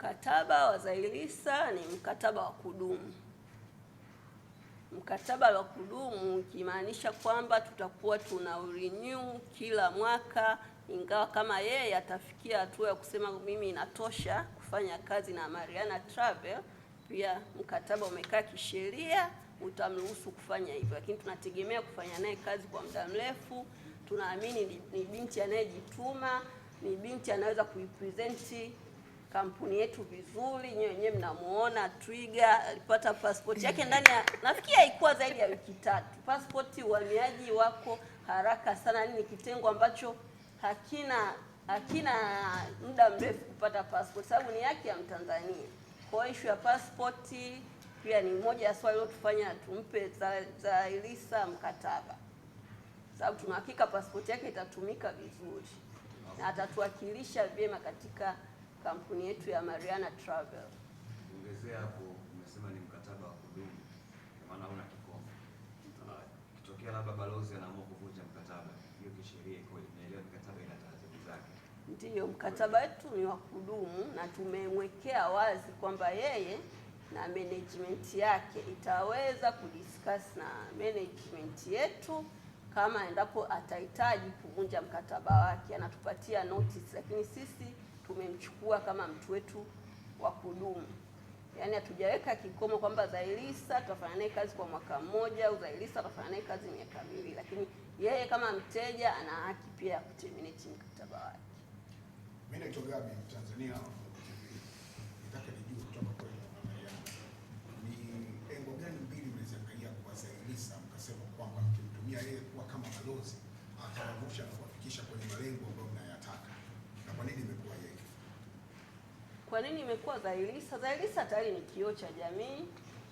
mkataba wa ZAILISA ni mkataba wa kudumu. Mkataba wa kudumu ukimaanisha kwamba tutakuwa tuna renew kila mwaka, ingawa kama yeye atafikia hatua ya kusema mimi inatosha kufanya kazi na Mariana Travel, pia mkataba umekaa kisheria utamruhusu kufanya hivyo, lakini tunategemea kufanya naye kazi kwa muda mrefu. Tunaamini ni binti anayejituma, ni binti anaweza kuipresenti kampuni yetu vizuri, nyewe nyewe mnamuona Twiga alipata passport yake ndani ya nafikiri haikuwa zaidi ya wiki tatu. Passport uhamiaji wako haraka sana, yaani ni kitengo ambacho hakina hakina muda mrefu kupata passport, sababu ni haki ya Mtanzania. Kwa issue ishu ya passport pia ni moja ya swali lotufanya tumpe Zaiylisa mkataba, sababu tunahakika passport yake itatumika vizuri na atatuwakilisha vyema katika kampuni yetu ya Mariana Travel. Ongezea hapo, umesema ni mkataba wa kudumu, kwa maana una kikomo. Ah, Kitokea labda balozi anaamua kuvunja mkataba, hiyo kisheria iko, inaelewa mkataba ina taratibu zake. Ndiyo, mkataba wetu ni wa kudumu na tumemwekea wazi kwamba yeye na management yake itaweza kudiscuss na management yetu kama endapo atahitaji kuvunja mkataba wake, anatupatia notice, lakini sisi tumemchukua kama mtu wetu wa kudumu. Yaani hatujaweka kikomo kwamba Zailisa tutafanya naye kazi kwa mwaka mmoja au Zailisa tutafanya naye kazi miaka miwili, lakini yeye kama mteja ana haki pia ya kuterminate mkataba wake. Mimi naitwa Gabi, Tanzania nataka nijue kutoka kwa ni engo gani mbili mliziangalia kwa Zailisa mkasema kwamba mkimtumia yeye kuwa kama balozi atawavusha na kuwafikisha kwenye malengo ambayo mnayataka na kwa nini imekuwa kwa nini imekuwa Zailisa? Zailisa tayari ni kioo cha jamii.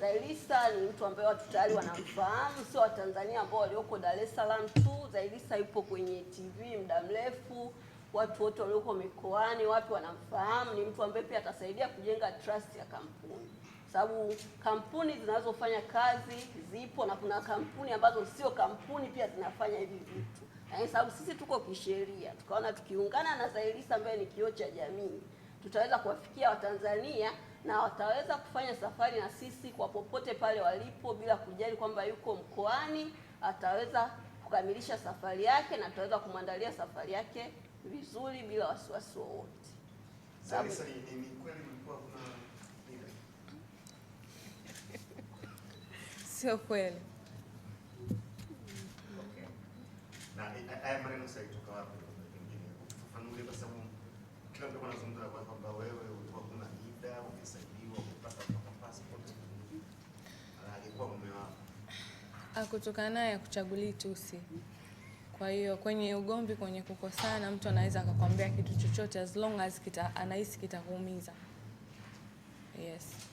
Zailisa ni mtu ambaye watu tayari wanamfahamu, sio Watanzania ambao walioko Dar es Salaam tu. Zailisa yupo kwenye TV muda mrefu, watu wote walioko mikoani wapi wanamfahamu. Ni mtu ambaye pia atasaidia kujenga trust ya kampuni, sababu kampuni zinazofanya kazi zipo na kuna kampuni ambazo sio kampuni pia zinafanya hivi vitu, lakini sababu sisi tuko kisheria, tukaona tukiungana na Zailisa ambaye ni kioo cha jamii tutaweza kuwafikia Watanzania na wataweza kufanya safari na sisi kwa popote pale walipo, bila kujali kwamba yuko mkoani. Ataweza kukamilisha safari yake na tutaweza kumwandalia safari yake vizuri bila wasiwasi wowote. Sio kweli? Eh, Ah, kutokana ya anazungumza akuchagulii tusi. Kwa hiyo kwenye ugomvi, kwenye kukosana, mtu anaweza akakwambia kitu chochote as long as kita, anahisi kitakuumiza. Yes.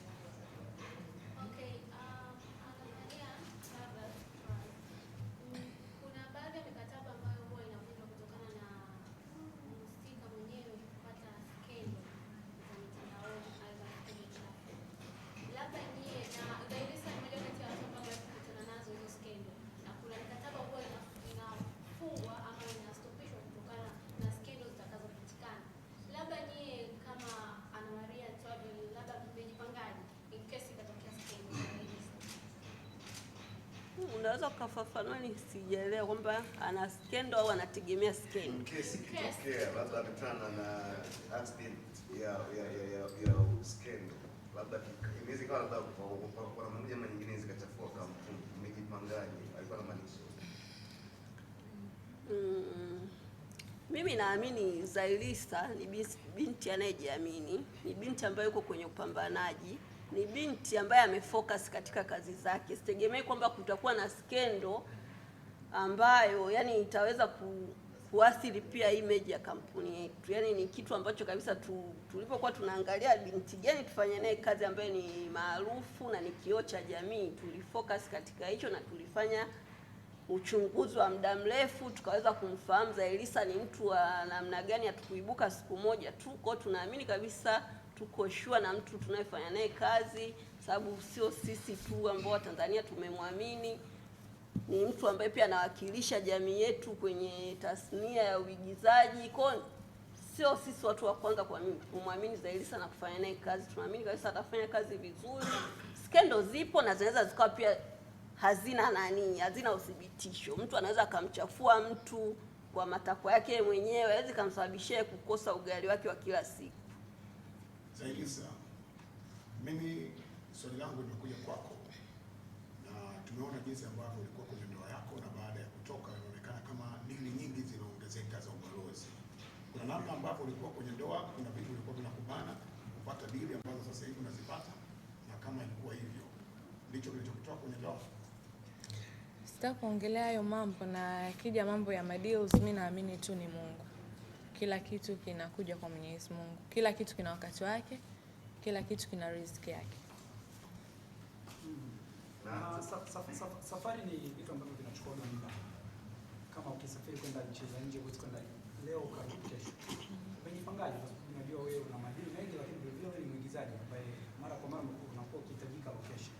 Unaweza ukafafanua, ni sijaelewa kwamba ana skendo au anategemea skendo. Kesi labda na ya ya labda inaweza ikawa labda kwa ama nyingine kampuni. alikuwa mm. Mimi naamini Zailisa ni binti anayejiamini, ni binti ambayo yuko kwenye upambanaji ni binti ambaye amefocus katika kazi zake. Sitegemei kwamba kutakuwa na skendo ambayo yani itaweza ku, kuathiri pia image ya kampuni yetu. Yani ni kitu ambacho kabisa tu, tulipokuwa tunaangalia binti gani tufanye naye kazi ambayo ni maarufu na ni kioo cha jamii, tulifocus katika hicho na tulifanya uchunguzi wa muda mrefu tukaweza kumfahamu Zailisa ni mtu wa namna gani, hatukuibuka siku moja tu. Kwa tunaamini kabisa tuko sure na mtu tunayefanya naye kazi, sababu sio sisi tu ambao Watanzania tumemwamini. Ni mtu ambaye pia anawakilisha jamii yetu kwenye tasnia ya uigizaji, kwa sio sisi watu wa kwanza kumwamini Zaiylisa na kufanya naye kazi. Tunaamini kabisa atafanya kazi vizuri. Skendo zipo na zinaweza zikawa pia hazina nani, hazina uthibitisho. Mtu anaweza akamchafua mtu kwa matakwa yake mwenyewe, hawezi kumsababishia kukosa ugali wake wa kila siku. Zailisa, mimi swali langu limekuja kwako na tumeona jinsi ambavyo ulikuwa kwenye ndoa yako, na baada ya kutoka inaonekana kama dili nyingi zinaongezeka za ubalozi. Kuna namna ambavyo ulikuwa kwenye ndoa, kuna vitu vilikuwa vinakubana kupata dili ambazo sasa hivi unazipata, na kama ilikuwa hivyo ndicho kilichokutoa kwenye ndoa? Sitakuongelea hayo mambo, na akija mambo ya madeals, mimi naamini tu ni Mungu kila kitu kinakuja kwa Mwenyezi Mungu, kila kitu kina wakati wake, kila kitu kina riziki yake. Na safari ni vitu ambavyo vinachukua muda. Kama ukisafiri kwenda nchi za nje, huwezi kwenda leo ukarudi kesho. Umejipangaje? Unajua wewe una madini mengi, lakini vile vile ni mwigizaji ambaye mara kwa mara unakuwa ukihitajika location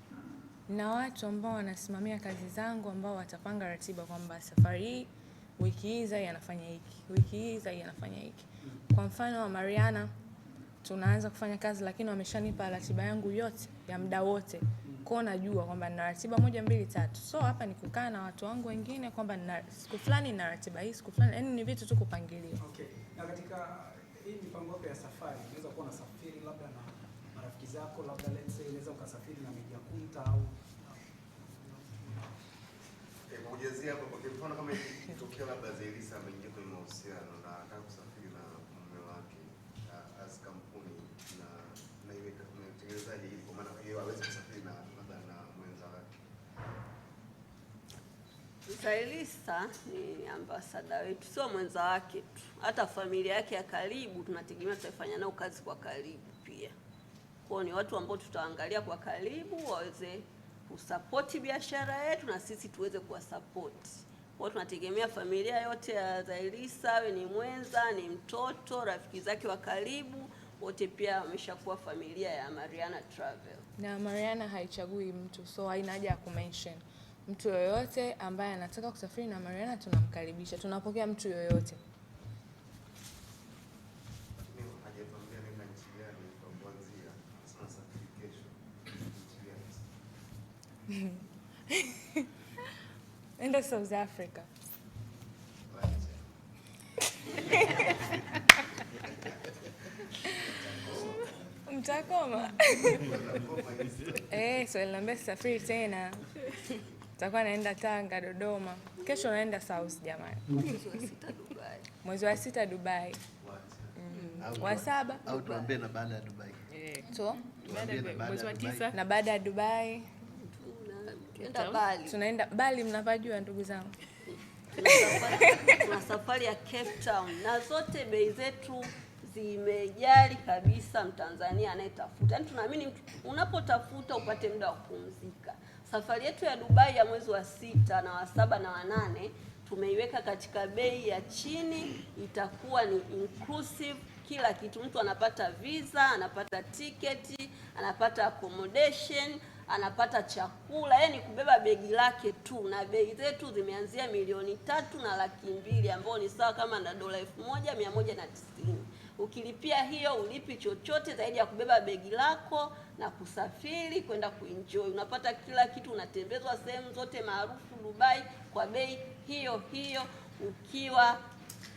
na watu ambao wanasimamia kazi zangu ambao watapanga ratiba kwamba safari hii wiki hii Zai anafanya hiki, wiki hii Zai anafanya hiki. Kwa mfano wa Mariana tunaanza kufanya kazi, lakini wameshanipa ratiba yangu yote ya muda wote kwa najua kwamba nina ratiba moja mbili tatu. So hapa ni kukaa na watu wangu wengine kwamba nina siku fulani nina ratiba hii, siku fulani, yani ni vitu tu kupangilia. Okay. Na katika hii mipango yako ya safari, unaweza kuwa unasafiri labda na marafiki zako, labda let's say unaweza ukasafiri na Meja Kunta au kujazia hapo kwa mfano, kama ikitokea labda Zailisa ameingia kwenye mahusiano na anataka kusafiri na mume wake uh, as kampuni na na ile mtengenezaji kwa maana yeye aweze kusafiri na labda na mwenza wake. Zailisa ni ambasada wetu, sio mwenza wake tu, hata familia yake ya karibu tunategemea tutaifanya nao kazi kwa karibu pia. Kwao ni watu ambao tutaangalia kwa karibu waweze kusapoti biashara yetu na sisi tuweze kuwasapoti. Kwa tunategemea familia yote ya Zailisa, awe ni mwenza, ni mtoto, rafiki zake wa karibu wote pia wameshakuwa familia ya Mariana Travel. Na Mariana haichagui mtu, so haina haja ya kumention mtu yoyote ambaye anataka kusafiri na Mariana. Tunamkaribisha, tunapokea mtu yoyote. Enda South Africa. Mtakoma eh, swali nambia sisafiri tena, takuwa naenda Tanga, Dodoma, kesho naenda South jamani, mwezi wa sita Dubai mm. wa saba na baada ya Dubai, eh. na baada ya Dubai Tunaenda Bali. Tunaenda Bali, mnapajua ndugu zangu. Tuna safari ya Cape Town na zote bei zetu zimejali kabisa mtanzania anayetafuta. Yaani tunaamini unapotafuta upate muda wa kupumzika. Safari yetu ya Dubai ya mwezi wa sita na wa saba na wa nane tumeiweka katika bei ya chini, itakuwa ni inclusive kila kitu. Mtu anapata visa, anapata tiketi, anapata accommodation anapata chakula, ni yaani kubeba begi lake tu, na bei zetu zimeanzia milioni tatu na laki mbili ambayo ni sawa kama na dola elfu moja mia moja na tisini. Ukilipia hiyo ulipi chochote zaidi ya kubeba begi lako na kusafiri kwenda kuenjoy. Unapata kila kitu, unatembezwa sehemu zote maarufu Dubai kwa bei hiyo hiyo, ukiwa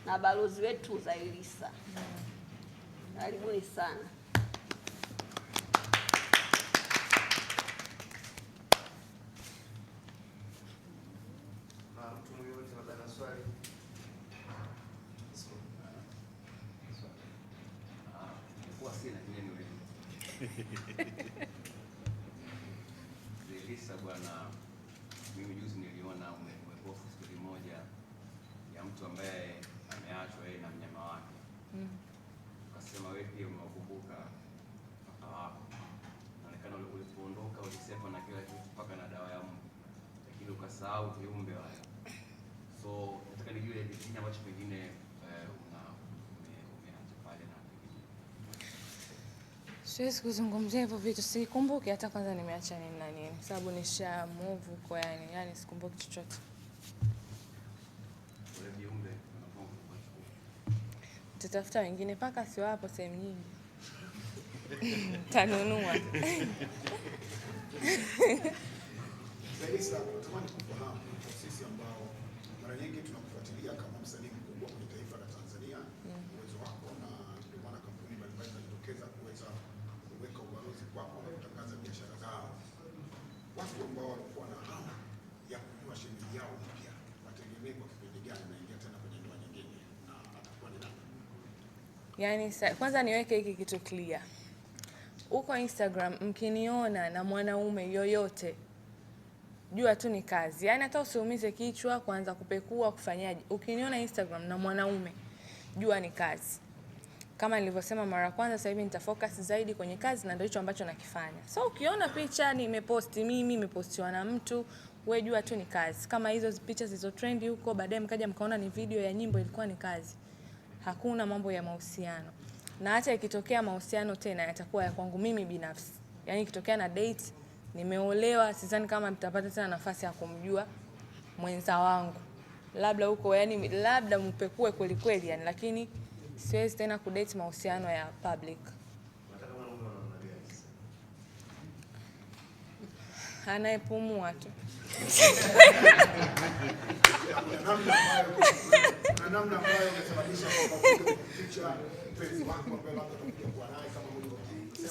na balozi wetu Zailisa. Karibuni sana. Ah, mtu yoyote labda na swali Lisa, bwana, mimi juzi niliona umeposti stori moja ya mtu ambaye ameachwa yeye na mnyama wake, ukasema mm. wewe pia umewakumbuka paka wako. Naonekana ulipoondoka ulisepa na kila kitu, mpaka na dawa ukasahau viumbe wale. So nataka nijue ni nini ambacho eh, pengine Siwezi kuzungumzia hivyo vitu, sikumbuki hata kwanza nimeacha nini na nini, sababu nisha move huko, yani yani sikumbuki chochote. Tutafuta wengine, paka siwapo sehemu nyingi tanunua Daisa, natamani kufahamu kwa sisi ambao mara nyingi tunakufuatilia kama msanii mkubwa kwenye taifa la Tanzania, mm. uwezo wako, na ndio maana kampuni mbalimbali zinajitokeza kuweza kuweka ubalozi kwako na kutangaza biashara zao. Watu ambao walikuwa na hamu ya kujua shemeji yao mpya wategemee kwa kipindi gani naingia tena kwenye ndoa nyingine na atakuwa ni nani? Yaani, kwanza niweke hiki kitu clear. huko Instagram mkiniona na mwanaume yoyote jua tu ni kazi, yaani hata usiumize kichwa kuanza kupekua kufanyaje. Ukiniona Instagram na mwanaume, jua ni kazi. Kama nilivyosema mara kwanza, sasa hivi nitafocus zaidi kwenye kazi na ndio hicho ambacho nakifanya. So ukiona picha nimeposti mimi, imepostiwa na mtu, we jua tu ni kazi. Kama hizo picha zilizo trendi huko, baadaye mkaja mkaona ni video ya nyimbo, ilikuwa ni kazi. Hakuna mambo ya mahusiano, na hata ikitokea mahusiano tena yatakuwa ya kwangu mimi binafsi, yaani ikitokea na date nimeolewa, sidhani kama nitapata tena nafasi ya kumjua mwenza wangu, labda huko yani, labda mpekue kweli kweli yani, lakini siwezi tena kudate mahusiano ya public. Anayepumua tu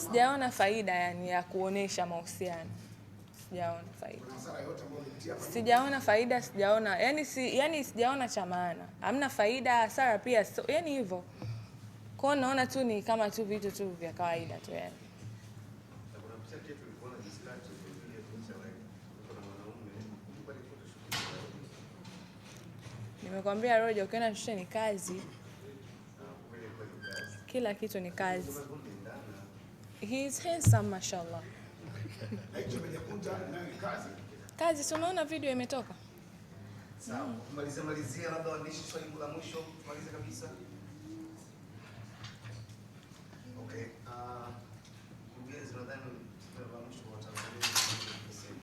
sijaona faida yani ya kuonesha mahusiano, sijaona faida, sijaona faida, sijaona yani, si, yani sijaona cha maana, hamna faida, hasara pia so, yani hivyo kwao, naona tu ni kama tu vitu tu vya kawaida tu yani. Nimekwambia Roja, ukiona shule ni kazi, kila kitu ni kazi. He is handsome mashallah. Kazi, si unaona video imetoka? Sawa. Maliza malizia labda waandishi swali la mwisho, maliza kabisa. Okay. Uh,